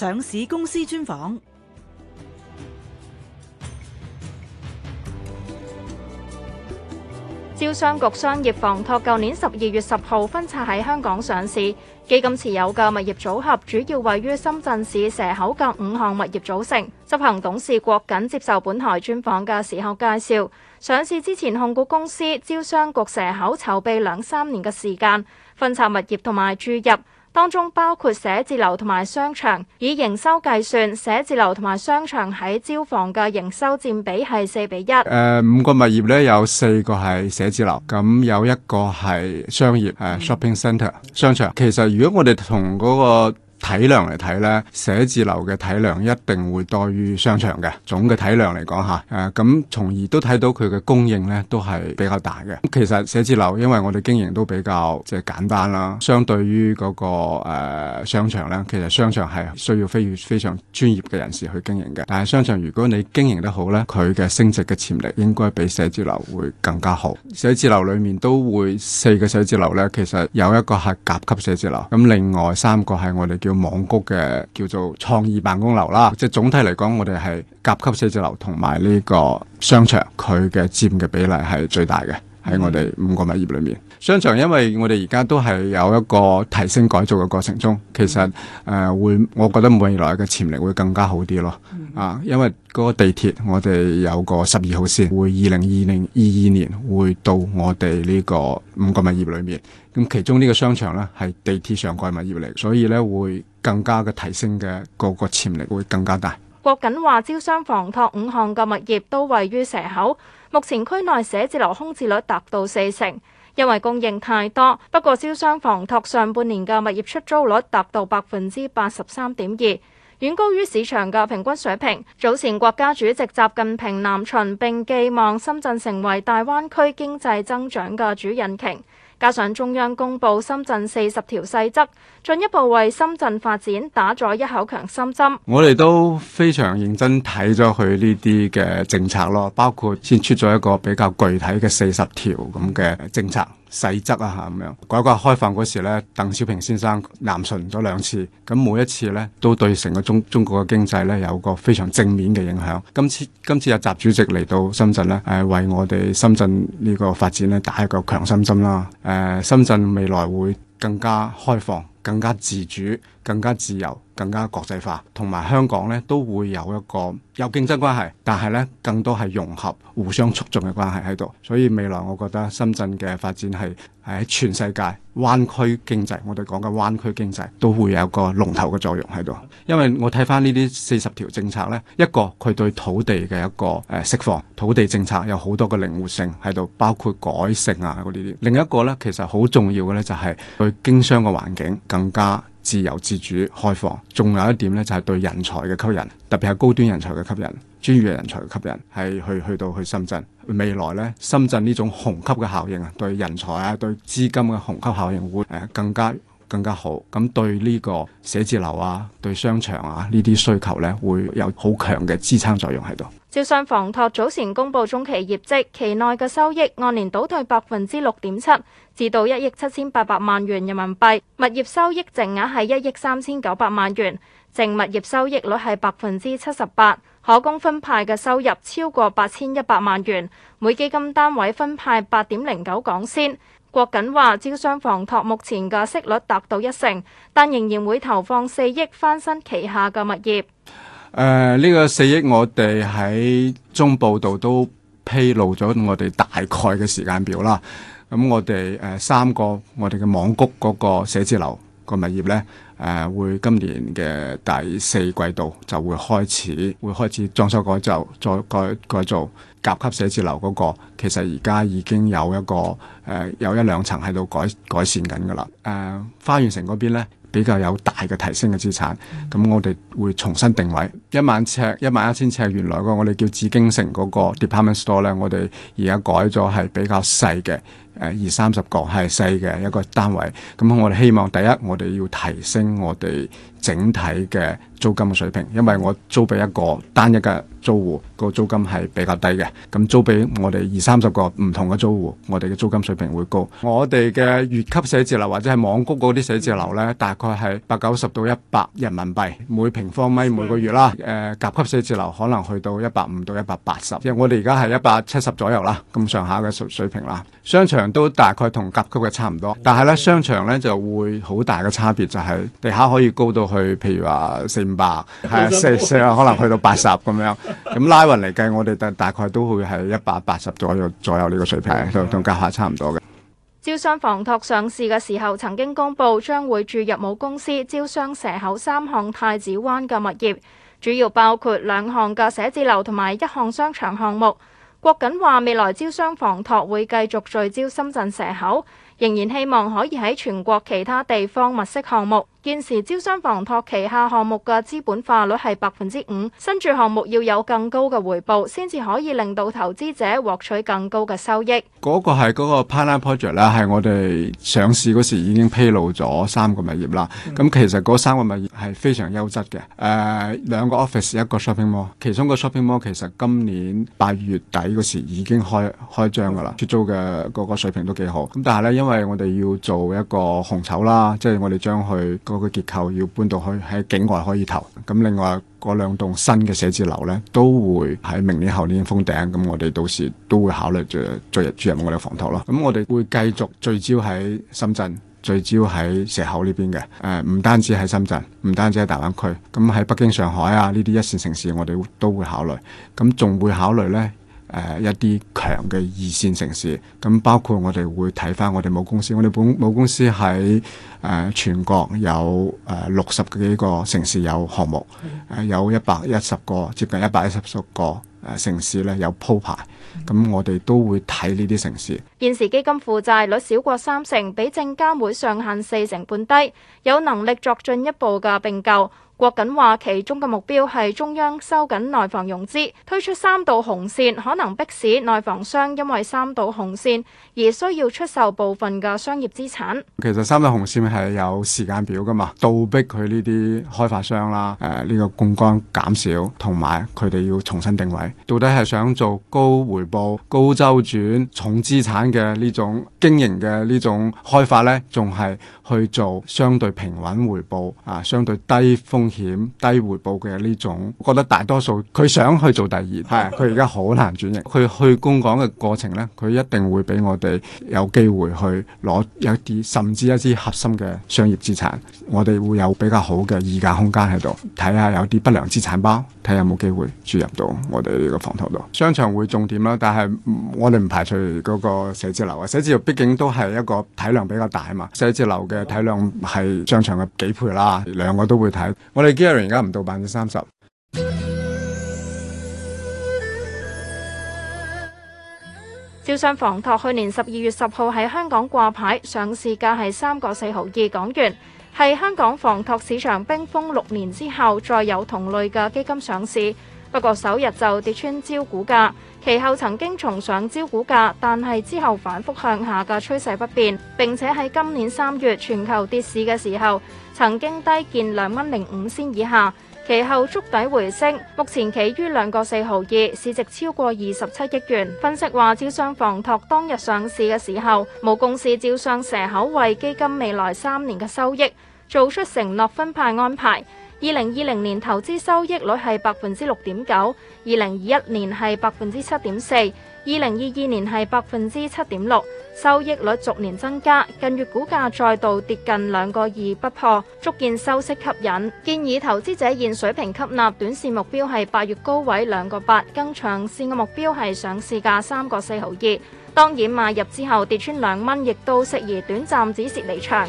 上市公司專訪，招商局商業房託舊年十二月十號分拆喺香港上市，基金持有嘅物業組合主要位於深圳市蛇口嘅五項物業組成。執行董事郭瑾接受本台專訪嘅時候介紹，上市之前控股公司招商局蛇口籌備兩三年嘅時間，分拆物業同埋注入。當中包括寫字樓同埋商場，以營收計算，寫字樓同埋商場喺招房嘅營收佔比係四比一。誒，uh, 五個物業咧有四個係寫字樓，咁有一個係商業誒、uh，Shopping Centre 商場。其實如果我哋同嗰、那個體量嚟睇，呢寫字樓嘅體量一定會多於商場嘅總嘅體量嚟講嚇，誒咁從而都睇到佢嘅供應呢都係比較大嘅。其實寫字樓因為我哋經營都比較即係簡單啦，相對於嗰、嗰個、呃、商場呢，其實商場係需要非常非常專業嘅人士去經營嘅。但係商場如果你經營得好呢，佢嘅升值嘅潛力應該比寫字樓會更加好。寫字樓裡面都會四個寫字樓呢，其實有一個係甲級寫字樓，咁另外三個係我哋叫。叫網谷嘅叫做創意辦公樓啦，即係總體嚟講，我哋係甲級寫字樓同埋呢個商場，佢嘅佔嘅比例係最大嘅，喺我哋五個物業裏面。商場因為我哋而家都係有一個提升改造嘅過程中，其實誒、呃、會，我覺得未來嘅潛力會更加好啲咯。啊，因為嗰個地鐵，我哋有個十二號線，會二零二零二二年會到我哋呢個五個物業裏面。咁其中呢個商場呢，係地鐵上蓋物業嚟，所以呢會更加嘅提升嘅個個潛力會更加大。郭瑾話：招商房託五項嘅物業都位於蛇口，目前區內寫字樓空置率達到四成，因為供應太多。不過，招商房託上半年嘅物業出租率達到百分之八十三點二，遠高於市場嘅平均水平。早前國家主席習近平南巡並寄望深圳成為大灣區經濟增長嘅主引擎。加上中央公布深圳四十條細則，進一步為深圳發展打咗一口強心針。我哋都非常認真睇咗佢呢啲嘅政策咯，包括先出咗一個比較具體嘅四十條咁嘅政策。細則啊嚇，咁樣，改革開放嗰時咧，鄧小平先生南巡咗兩次，咁每一次咧都對成個中中國嘅經濟咧有個非常正面嘅影響。今次今次阿習主席嚟到深圳咧，誒、呃、為我哋深圳呢個發展咧打一個強心針啦。誒、呃，深圳未來會。更加開放、更加自主、更加自由、更加國際化，同埋香港呢都會有一個有競爭關係，但係呢更多係融合、互相促進嘅關係喺度，所以未來我覺得深圳嘅發展係。喺全世界灣區經濟，我哋講嘅灣區經濟都會有一個龍頭嘅作用喺度。因為我睇翻呢啲四十條政策呢，一個佢對土地嘅一個誒、呃、釋放土地政策有好多個靈活性喺度，包括改性啊嗰啲。另一個呢，其實好重要嘅呢，就係、是、佢經商嘅環境更加。自由自主開放，仲有一點咧，就係、是、對人才嘅吸引，特別係高端人才嘅吸引、專業人才嘅吸引，係去去到去深圳。未來咧，深圳呢種虹吸嘅效應啊，對人才啊、對資金嘅虹吸效應會誒更加更加好。咁對呢個寫字樓啊、對商場啊呢啲需求咧，會有好強嘅支撐作用喺度。招商房託早前公佈中期業績，期內嘅收益，按年倒退百分之六點七，至到一億七千八百萬元人民幣，物業收益淨額係一億三千九百萬元，淨物業收益率係百分之七十八，可供分派嘅收入超過八千一百萬元，每基金單位分派八點零九港仙。郭瑾話，招商房託目前嘅息率達到一成，但仍然會投放四億翻新旗下嘅物業。誒、呢、呃這個四億我哋喺中報度都披露咗我哋大概嘅時間表啦。咁、嗯、我哋誒、呃、三個我哋嘅網谷嗰個寫字樓個物業咧，誒、呃、會今年嘅第四季度就會開始會開始裝修改造，再改改造甲級寫字樓嗰、那個。其實而家已經有一個誒、呃、有一兩層喺度改改善緊噶啦。誒、呃，花園城嗰邊咧。比較有大嘅提升嘅資產，咁我哋會重新定位一萬尺、一萬一千尺，原來個我哋叫紫荊城嗰個 department store 咧，我哋而家改咗係比較細嘅，誒二三十個係細嘅一個單位，咁我哋希望第一我哋要提升我哋整體嘅租金嘅水平，因為我租俾一個單一嘅租戶，個租金係比較低嘅。咁租俾我哋二三十個唔同嘅租戶，我哋嘅租金水平會高。我哋嘅乙級寫字樓或者係網谷嗰啲寫字樓咧，大概係八九十到一百人民幣每平方米每個月啦。誒、呃、甲級寫字樓可能去到一百五到一百八十，因為我哋而家係一百七十左右啦，咁上下嘅水水平啦。商場都大概同甲級嘅差唔多，但係咧商場咧就會好大嘅差別就係、是、地下可以高到。去，譬如話四五百，係啊，四四可能去到八十咁樣，咁拉勻嚟計，我哋大大概都會係一百八十左右左右呢個水平，同同家下差唔多嘅。招商房託上市嘅時候，曾經公布將會注入母公司招商蛇口三項太子灣嘅物業，主要包括兩項嘅寫字樓同埋一項商場項目。郭瑾話未來招商房託會繼續聚焦深圳蛇口，仍然希望可以喺全國其他地方物色項目。現時招商房託旗下項目嘅資本化率係百分之五，新住項目要有更高嘅回報，先至可以令到投資者獲取更高嘅收益。嗰個係嗰個 partner project 啦，係我哋上市嗰時已經披露咗三個物業啦。咁、嗯、其實嗰三個物業係非常優質嘅。誒、呃，兩個 office 一個 shopping mall，其中個 shopping mall 其實今年八月底嗰時已經開開張噶啦，出租嘅嗰個水平都幾好。咁但係咧，因為我哋要做一個紅籌啦，即、就、係、是、我哋將佢。嗰個結構要搬到去喺境外可以投，咁另外嗰兩棟新嘅寫字樓呢，都會喺明年後年封頂，咁我哋到時都會考慮住注入注入我哋房託咯。咁我哋會繼續聚焦喺深圳，聚焦喺蛇口呢邊嘅。誒、呃，唔單止喺深圳，唔單止喺大灣區，咁喺北京、上海啊呢啲一線城市，我哋都會考慮。咁仲會考慮呢。誒、呃、一啲強嘅二線城市，咁包括我哋會睇返我哋母公司，我哋本母公司喺誒、呃、全國有誒、呃、六十幾個城市有項目，係、呃、有一百一十個接近一百一十、十個誒、呃、城市咧有鋪排，咁我哋都會睇呢啲城市。現時基金負債率少過三成，比證監會上限四成半低，有能力作進一步嘅並購。郭瑾話，其中嘅目標係中央收緊內房融資，推出三道紅線，可能迫使內房商因為三道紅線而需要出售部分嘅商業資產。其實三道紅線係有時間表噶嘛，倒逼佢呢啲開發商啦，誒、呃、呢、這個槓桿減少，同埋佢哋要重新定位，到底係想做高回報、高周轉、重資產嘅呢種經營嘅呢種開發呢？仲係。去做相對平穩回報啊，相對低風險低回報嘅呢種，覺得大多數佢想去做第二，係佢而家好難轉型。佢 去公港嘅過程咧，佢一定會俾我哋有機會去攞一啲甚至一啲核心嘅商業資產，我哋會有比較好嘅議價空間喺度，睇下有啲不良資產包，睇下有冇機會注入到我哋呢個房託度。商場會重點啦，但係我哋唔排除嗰個寫字樓啊，寫字樓畢竟都係一個體量比較大啊嘛，寫字樓嘅。體量係商場嘅幾倍啦，兩個都會睇。我哋 gearing 而家唔到百分之三十。招商房託去年十二月十號喺香港掛牌，上市價係三個四毫二港元，係香港房託市場冰封六年之後再有同類嘅基金上市。不過首日就跌穿招股價，其後曾經重上招股價，但係之後反覆向下嘅趨勢不變。並且喺今年三月全球跌市嘅時候，曾經低見兩蚊零五仙以下，其後觸底回升，目前企於兩個四毫二，市值超過二十七億元。分析話招商房託當日上市嘅時候，母公司招商蛇口為基金未來三年嘅收益做出承諾分派安排。二零二零年投資收益率係百分之六點九，二零二一年係百分之七點四，二零二二年係百分之七點六，收益率逐年增加。近月股價再度跌近兩個二不破，足見收息吸引。建議投資者現水平吸納，短線目標係八月高位兩個八，更長線嘅目標係上市價三個四毫二。當然買入之後跌穿兩蚊，亦都適宜短暫止蝕離場。